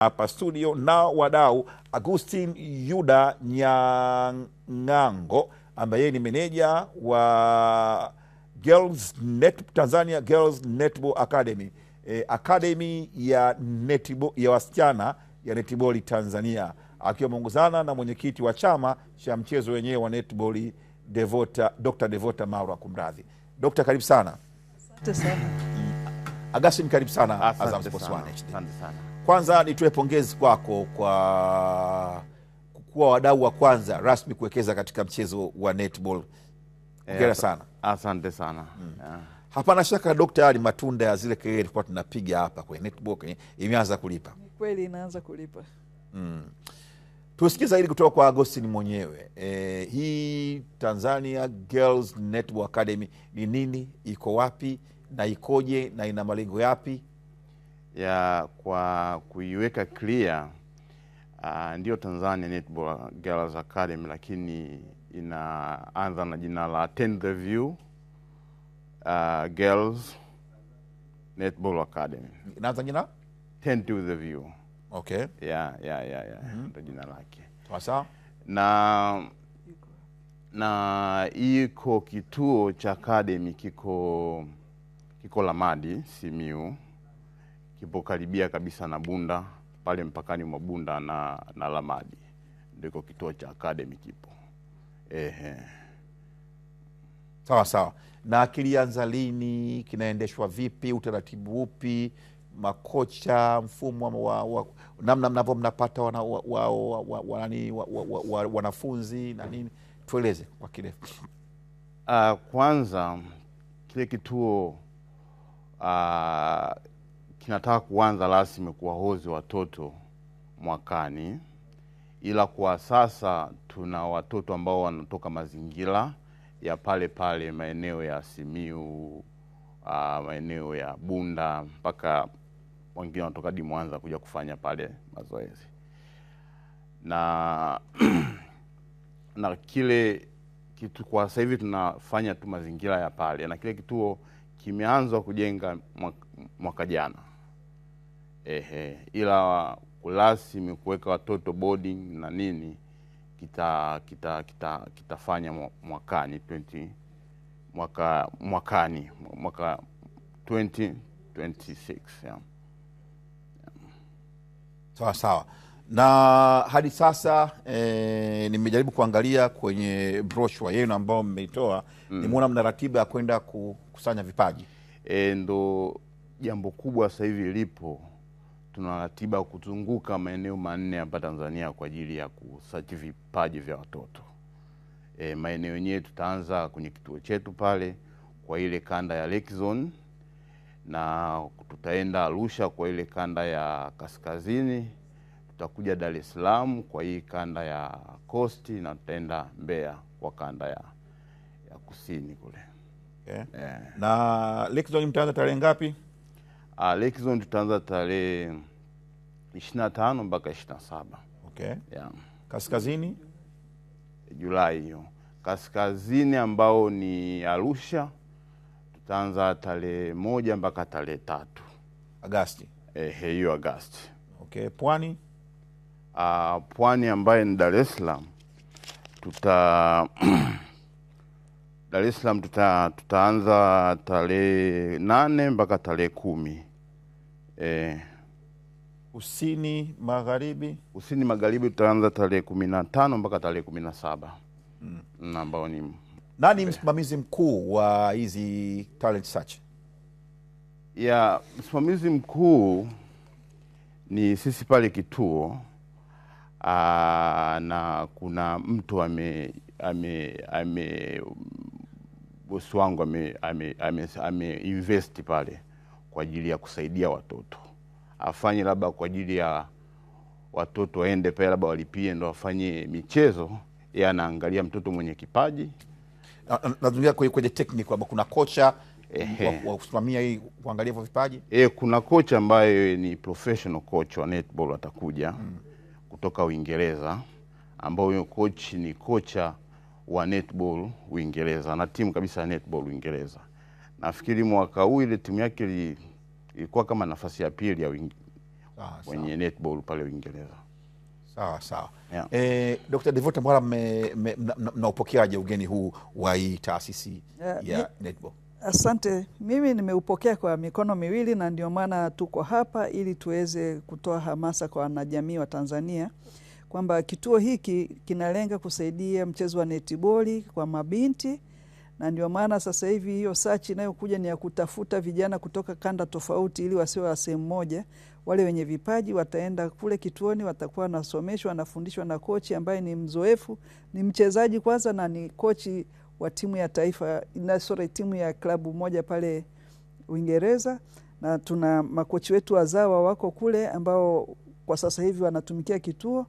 Hapa studio na wadau Agustin Yuda Nyang'ango ambaye ni meneja wa Girls Net, Tanzania Girls Netball Academy e, academy ya netball, ya wasichana ya netiboli Tanzania akiwa ameongozana na mwenyekiti wa chama cha mchezo wenyewe wa netball Devota, Dr. Devota Maura, Kumradhi Dokta, karibu sana. Asante sana. Augustine, karibu sana Azam Sports 1 HD. Asante sana. Kwanza nitoe pongezi kwako kwa kuwa wadau wa kwanza rasmi kuwekeza katika mchezo wa netball. ongera eh, sana. Asante sana. hmm. Yeah. Hapana shaka Dokta, ali matunda ya zile kelele tulikuwa tunapiga hapa kwenye netball, kwenye eh, imeanza kulipa. kweli inaanza kulipa. Mm. Tusikie zaidi kutoka kwa Agostini mwenyewe. E, hii Tanzania Girls Netball Academy ni nini, iko wapi na ikoje na ina malengo yapi? ya kwa kuiweka clear uh, ndio Tanzania Netball Girls Academy, lakini inaanza na jina la Tend the View uh, Girls Netball Academy. Inaanza jina Tend to the View. Okay. Yeah, yeah, yeah, yeah. Mm -hmm. Ndio jina lake. Sawa. Na na iko kituo cha academy kiko kiko Lamadi Simiu kipo karibia kabisa na Bunda pale mpakani mwa Bunda na, na Lamadi ndiko kituo cha academy kipo. Ehe. Sawa sawa. Na kilianza lini? Kinaendeshwa vipi? Utaratibu upi? Makocha, mfumo wa, wa, namna mnavyo mnapata wa, wa, wa, wa, wa, wa, wanafunzi na nini, tueleze kwa kirefu. Uh, kwanza kile kituo uh, kinataka kuanza rasmi kuwahozi watoto mwakani, ila kwa sasa tuna watoto ambao wanatoka mazingira ya pale pale maeneo ya Simiu, ah, maeneo ya Bunda mpaka wengine wanatoka hadi Mwanza kuja kufanya pale mazoezi na na kile kitu kwa sasa hivi tunafanya tu mazingira ya pale, na kile kituo kimeanzwa kujenga mwaka, mwaka jana ehe, ila kurasmi kuweka watoto boarding na nini kitafanya kita, kita, kita mwakani 20 mwaka mwakani mwaka 2026 yeah. Sawa sawa na hadi sasa e, nimejaribu kuangalia kwenye brochure yenu ambayo mmeitoa mm. Nimeona mna ratiba ya kwenda kukusanya vipaji e, ndo jambo kubwa sasa hivi lipo tuna ratiba kuzunguka maeneo manne hapa Tanzania kwa ajili ya kusachi vipaji vya watoto. E, maeneo yenyewe tutaanza kwenye kituo chetu pale kwa ile kanda ya Lake Zone na tutaenda Arusha kwa ile kanda ya kaskazini, tutakuja Dar es Salaam kwa hii kanda ya Coast na tutaenda Mbeya kwa kanda ya, ya kusini kule. Yeah. Yeah. Na Lake Zone mtaanza tarehe ngapi? Ah, Lake Zone tutaanza tarehe ishirini na tano mpaka ishirini na saba okay. yeah. Kaskazini Julai hiyo, kaskazini ambao ni Arusha tutaanza tarehe moja mpaka tarehe tatu Agasti hiyo Agasti. Okay, pwani uh, pwani ambaye ni Dar es Salaam tuta Dar es Salaam tuta, tutaanza tarehe nane mpaka tarehe kumi eh kusini magharibi. Kusini magharibi tutaanza tarehe kumi na tano mpaka tarehe kumi na saba mm. ambao ni nani msimamizi mkuu wa hizi talent search? Ya msimamizi mkuu ni sisi pale kituo aa, na kuna mtu ame ame ame bosi wangu ame, ame, ame, ame invest pale kwa ajili ya kusaidia watoto afanye labda kwa ajili ya watoto waende pale labda walipie ndo afanye michezo, yeye anaangalia mtoto mwenye kipaji. Nazungumzia kwenye technique, labda kuna kocha wa kusimamia hii kuangalia hivyo vipaji. Eh, kuna kocha ambaye ni professional coach wa netball atakuja hmm, kutoka Uingereza, ambao huyo coach ni kocha wa netball Uingereza na timu kabisa ya netball Uingereza. Nafikiri mwaka huu ile timu yake ilikuwa kama nafasi ya pili ya wing... Ah, netball pale Uingereza. Sawa sawa yeah. Eh, Dr. Devota Mwala, mnaupokeaje ugeni huu wa hii taasisi yeah, ya mi... netball? Asante, mimi nimeupokea kwa mikono miwili na ndio maana tuko hapa ili tuweze kutoa hamasa kwa wanajamii wa Tanzania kwamba kituo hiki kinalenga kusaidia mchezo wa netiboli kwa mabinti na ndio maana sasa hivi hiyo search inayokuja ni ya kutafuta vijana kutoka kanda tofauti, ili wasiwe wa sehemu moja. Wale wenye vipaji wataenda kule kituoni, watakuwa wanasomeshwa, wanafundishwa na kochi ambaye ni mzoefu, ni mchezaji kwanza na ni kochi wa timu ya taifa na timu ya klabu moja pale Uingereza, na tuna makochi wetu wazawa wako kule ambao kwa sasa hivi wanatumikia kituo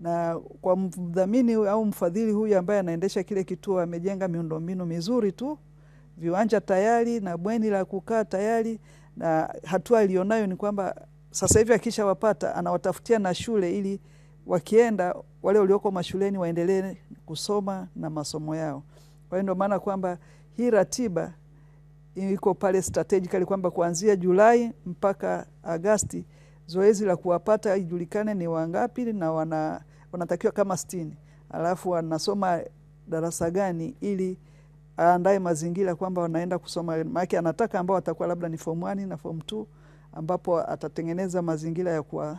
na kwa mdhamini au mfadhili huyu ambaye anaendesha kile kituo amejenga miundombinu mizuri tu, viwanja tayari na bweni la kukaa tayari, na hatua aliyonayo ni kwamba sasa hivi akishawapata anawatafutia na shule ili wakienda wale walioko mashuleni waendelee kusoma na masomo yao. Kwa hiyo ndio maana kwamba hii ratiba iko pale strategically kwamba kuanzia Julai mpaka Agasti zoezi la kuwapata ijulikane ni wangapi na wana, wanatakiwa kama sitini, alafu wanasoma darasa gani ili aandae mazingira kwamba wanaenda kusoma, maake anataka ambao watakuwa labda ni form na form t ambapo atatengeneza mazingira ya kuwa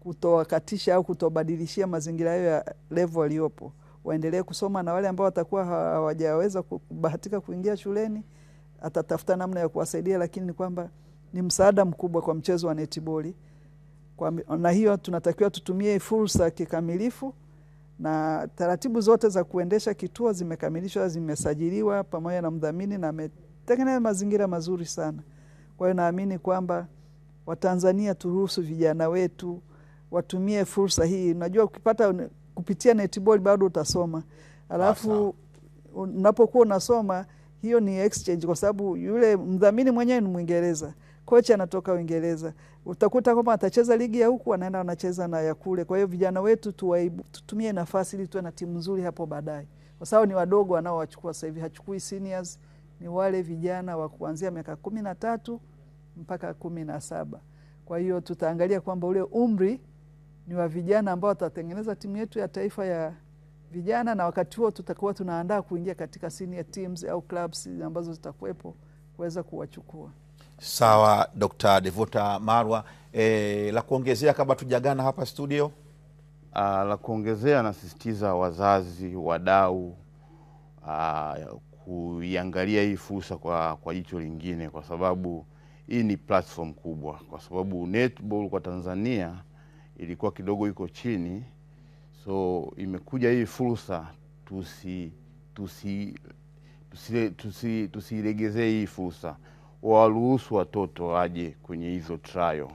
kutowakatisha au kutobadilishia mazingira hayo ya levo aliyopo, waendelee kusoma, na wale ambao watakuwa hawajaweza kubahatika kuingia shuleni atatafuta namna ya kuwasaidia, lakini ni kwamba ni msaada mkubwa kwa mchezo wa netiboli kwa, na hiyo tunatakiwa tutumie fursa kikamilifu na taratibu zote za kuendesha kituo zimekamilishwa, zimesajiliwa pamoja na mdhamini na ametengeneza mazingira mazuri sana. Kwa hiyo naamini kwamba Watanzania turuhusu vijana wetu watumie fursa hii. najua ukipata kupitia netball bado utasoma, alafu unapokuwa unasoma, hiyo ni exchange, kwa sababu yule mdhamini mwenyewe ni Mwingereza kocha anatoka Uingereza, utakuta kwamba atacheza ligi ya huku anaenda anacheza na ya kule. Kwa hiyo vijana wetu tuwaibu, tutumie nafasi ili tuwe na timu nzuri hapo baadaye, kwa sababu ni wadogo wanaowachukua sasa hivi, hachukui seniors, ni wale vijana wa kuanzia miaka kumi na tatu mpaka kumi na saba. Kwa hiyo tutaangalia kwamba ule umri ni wa vijana ambao watatengeneza timu yetu ya taifa ya vijana, na wakati huo tutakuwa tunaandaa kuingia katika senior teams au clubs ambazo zitakuwepo kuweza kuwachukua. Sawa, Dr. Devota Marwa, e, la kuongezea kabla tujagana hapa studio? uh, la kuongezea nasisitiza wazazi, wadau kuiangalia hii fursa kwa, kwa jicho lingine, kwa sababu hii ni platform kubwa, kwa sababu netball kwa Tanzania ilikuwa kidogo iko chini, so imekuja hii fursa tusiilegezee tusi, tusi, tusi, tusi hii fursa waruhusu watoto waje kwenye hizo trial.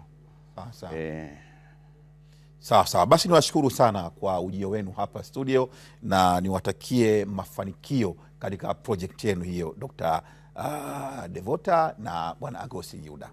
Ah, eh. Sawa Sawa, basi niwashukuru sana kwa ujio wenu hapa studio na niwatakie mafanikio katika projekti yenu hiyo, Dr. Ah, Devota na Bwana Agosi Yuda.